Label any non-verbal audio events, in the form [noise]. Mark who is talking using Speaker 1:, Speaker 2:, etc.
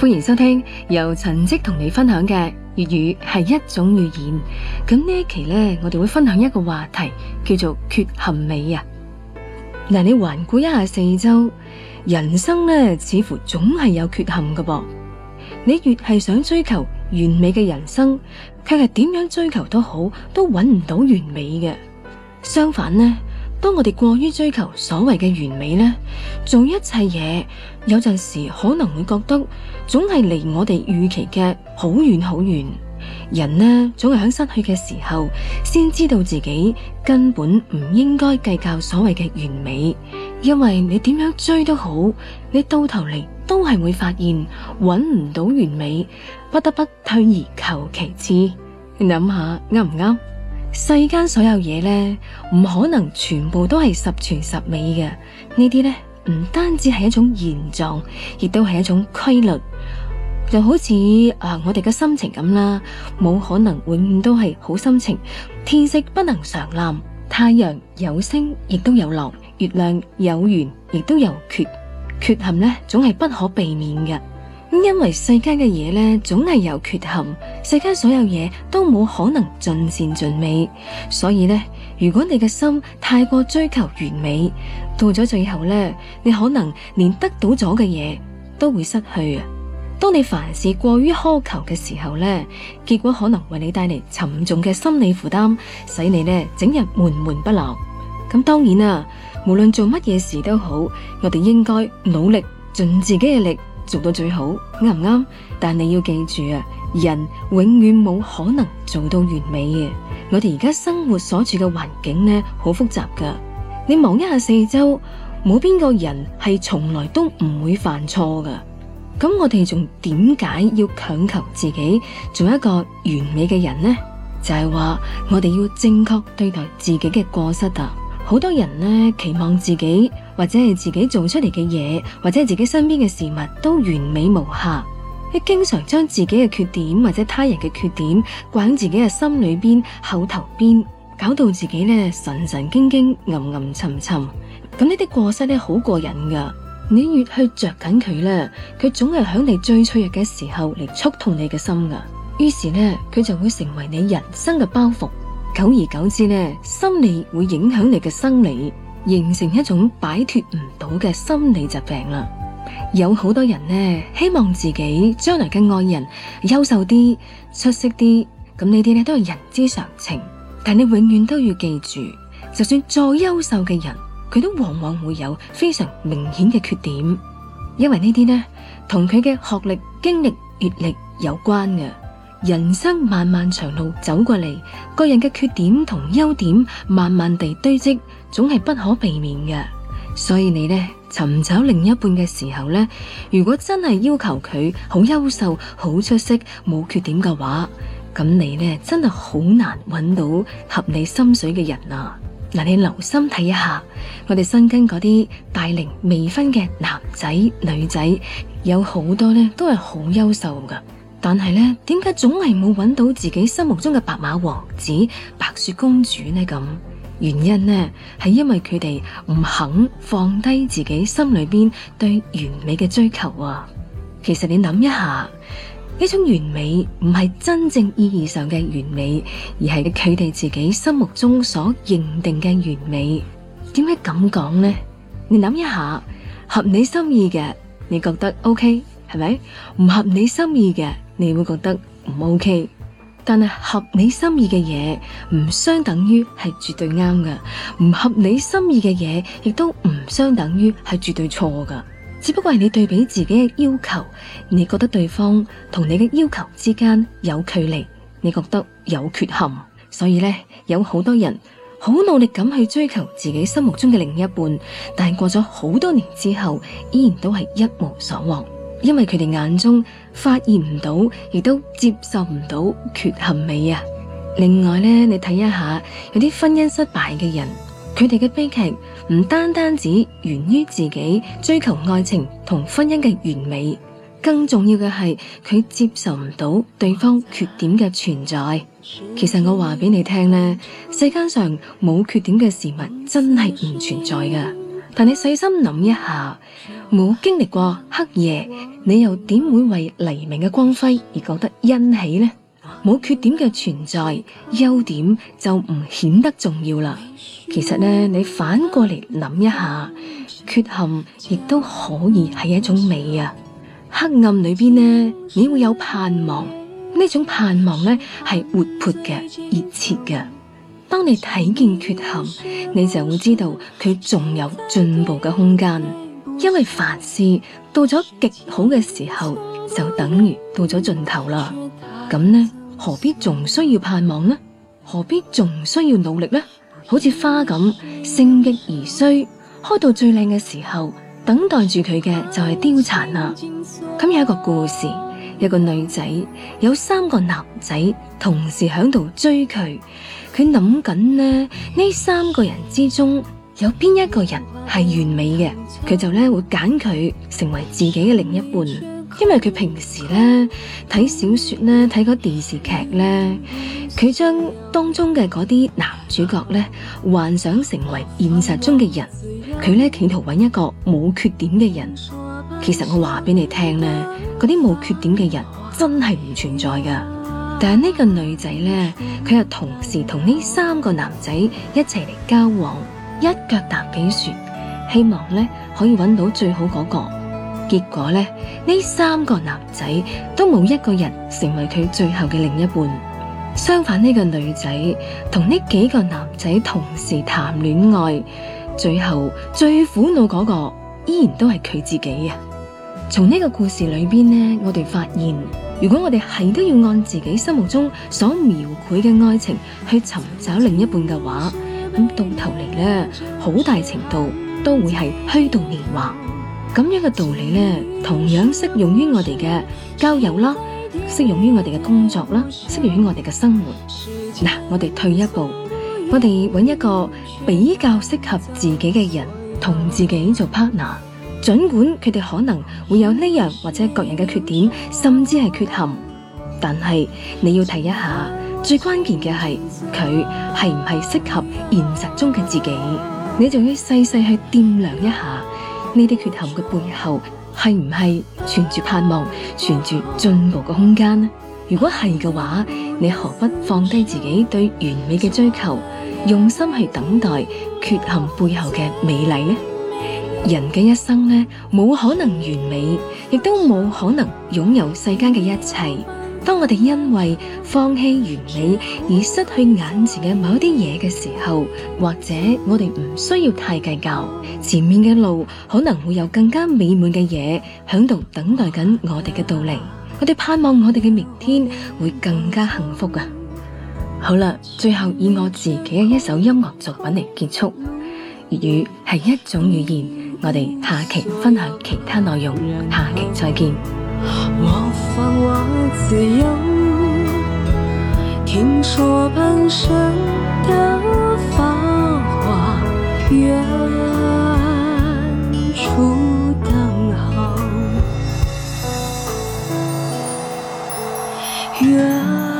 Speaker 1: 歡迎收聽由陳積同你分享嘅粵語係一種語言。咁呢一期呢，我哋會分享一個話題，叫做缺陷美啊。嗱，你環顧一下四周，人生呢，似乎總係有缺陷㗎噃。你越係想追求完美嘅人生，卻係點樣追求都好，都揾唔到完美嘅。相反呢。當我哋過於追求所謂嘅完美呢，做一切嘢有陣時可能會覺得總係離我哋預期嘅好遠好遠。人呢總係喺失去嘅時候，先知道自己根本唔應該計較所謂嘅完美，因為你點樣追都好，你到頭嚟都係會發現揾唔到完美，不得不退而求其次。你諗下啱唔啱？世間所有嘢咧，唔可能全部都係十全十美嘅。這些呢啲咧唔單止係一種現狀，亦都係一種規律。就好似、啊、我哋嘅心情咁啦，冇可能永遠都係好心情。天色不能常藍，太陽有升亦都有落，月亮有圓亦都有缺，缺陷咧總係不可避免嘅。因為世間嘅嘢呢，總係有缺陷，世間所有嘢都冇可能盡善盡美，所以呢，如果你嘅心太過追求完美，到咗最後呢，你可能連得到咗嘅嘢都會失去啊！當你凡事過於苛求嘅時候呢，結果可能為你帶嚟沉重嘅心理負擔，使你呢整日悶悶不樂。咁當然啦，無論做乜嘢事都好，我哋應該努力盡自己嘅力。做到最好啱唔啱？但你要記住啊，人永遠冇可能做到完美嘅。我哋而家生活所處嘅環境呢，好複雜噶。你望一下四周，冇邊個人係從來都唔會犯錯噶。咁我哋仲點解要強求自己做一個完美嘅人呢？就係話我哋要正確對待自己嘅過失啊！好多人呢，期望自己，或者係自己做出嚟嘅嘢，或者係自己身邊嘅事物都完美無瑕，你經常將自己嘅缺點或者他人嘅缺點，掛喺自己嘅心裏邊、口頭邊，搞到自己呢神神經經、暗暗沉沉。咁呢啲過失咧好過癮噶，你越去着緊佢呢，佢總係響你最脆弱嘅時候嚟觸痛你嘅心噶。於是呢，佢就會成為你人生嘅包袱。久而久之呢，心理會影響你嘅生理。形成一種擺脫唔到嘅心理疾病啦。有好多人呢，希望自己將來嘅愛人優秀啲、出色啲。咁呢啲呢都係人之常情。但你永遠都要記住，就算再優秀嘅人，佢都往往會有非常明顯嘅缺點，因為呢啲呢，同佢嘅學歷、經歷、閱歷有關嘅。人生漫漫長路走過嚟，個人嘅缺點同優點，慢慢地堆積，總係不可避免嘅。所以你呢，尋找另一半嘅時候呢，如果真係要求佢好優秀、好出色、冇缺點嘅話，咁你呢，真係好難揾到合你心水嘅人啊！嗱，你留心睇一下，我哋身根嗰啲大齡未婚嘅男仔女仔，有好多呢，都係好優秀噶。但係呢，點解總係冇揾到自己心目中嘅白馬王子、白雪公主呢？咁原因呢，係因為佢哋唔肯放低自己心裏邊對完美嘅追求啊。其實你諗一下，呢種完美唔係真正意義上嘅完美，而係佢哋自己心目中所認定嘅完美。點解咁講呢？你諗一下，合你心意嘅，你覺得 OK 係咪？唔合你心意嘅？你會覺得唔 OK，但係合你心意嘅嘢唔相等於係絕對啱㗎，唔合你心意嘅嘢亦都唔相等於係絕對錯㗎。只不過係你對比自己嘅要求，你覺得對方同你嘅要求之間有距離，你覺得有缺陷，所以呢，有好多人好努力咁去追求自己心目中嘅另一半，但係過咗好多年之後，依然都係一無所獲，因為佢哋眼中，發現唔到，亦都接受唔到缺陷美啊！另外呢，你睇一下有啲婚姻失敗嘅人，佢哋嘅悲劇唔單單止源於自己追求愛情同婚姻嘅完美，更重要嘅係佢接受唔到對方缺點嘅存在。其實我話俾你聽咧，世界上冇缺點嘅事物真係唔存在㗎。但你細心諗一下，冇經歷過黑夜，你又點會為黎明嘅光輝而覺得欣喜呢？冇缺點嘅存在，優點就唔顯得重要啦。其實呢，你反過嚟諗一下，缺陷亦都可以係一種美啊！黑暗裏邊呢，你會有盼望，呢種盼望呢係活潑嘅、熱切嘅。當你睇見缺陷，你就會知道佢仲有進步嘅空間。因為凡事到咗極好嘅時候，就等於到咗盡頭啦。咁呢，何必仲需要盼望呢？何必仲需要努力呢？好似花咁，盛極而衰，開到最靚嘅時候，等待住佢嘅就係凋殘啦。咁有一個故事。一個女仔有三個男仔同時喺度追佢，佢諗緊呢，呢三個人之中有邊一個人係完美嘅，佢就呢會揀佢成為自己嘅另一半。因為佢平時呢睇小說呢睇個電視劇呢，佢將當中嘅嗰啲男主角呢幻想成為現實中嘅人，佢呢企圖搵一個冇缺點嘅人。其實我話俾你聽呢，嗰啲冇缺點嘅人真係唔存在噶。但係呢個女仔呢，佢又同時同呢三個男仔一齊嚟交往，一腳踏幾船，希望呢可以揾到最好嗰個。結果呢，呢三個男仔都冇一個人成為佢最後嘅另一半。相反，呢個女仔同呢幾個男仔同時談戀愛，最後最苦惱嗰個依然都係佢自己啊！從呢個故事裏邊呢，我哋發現，如果我哋係都要按自己心目中所描繪嘅愛情去尋找另一半嘅話，咁到頭嚟呢，好大程度都會係虛度年華。咁樣嘅道理呢，同樣適用於我哋嘅交友啦，適用於我哋嘅工作啦，適用於我哋嘅生活。嗱，我哋退一步，我哋揾一個比較適合自己嘅人，同自己做 partner。儘管佢哋可能會有呢樣或者各人嘅缺點，甚至係缺陷，但係你要睇一下，最關鍵嘅係佢係唔係適合現實中嘅自己？你仲要細細去掂量一下呢啲缺陷嘅背後係唔係存住盼望、存住進步嘅空間？如果係嘅話，你何不放低自己對完美嘅追求，用心去等待缺陷背後嘅美麗呢？人嘅一生呢，冇可能完美，亦都冇可能擁有世間嘅一切。當我哋因為放棄完美而失去眼前嘅某啲嘢嘅時候，或者我哋唔需要太計較，前面嘅路可能會有更加美滿嘅嘢響度等待緊我哋嘅到嚟。我哋盼望我哋嘅明天會更加幸福啊！好啦，最後以我自己嘅一首音樂作品嚟結束。粵語係一種語言。我哋下期分享其他內容，下期再見。 [music]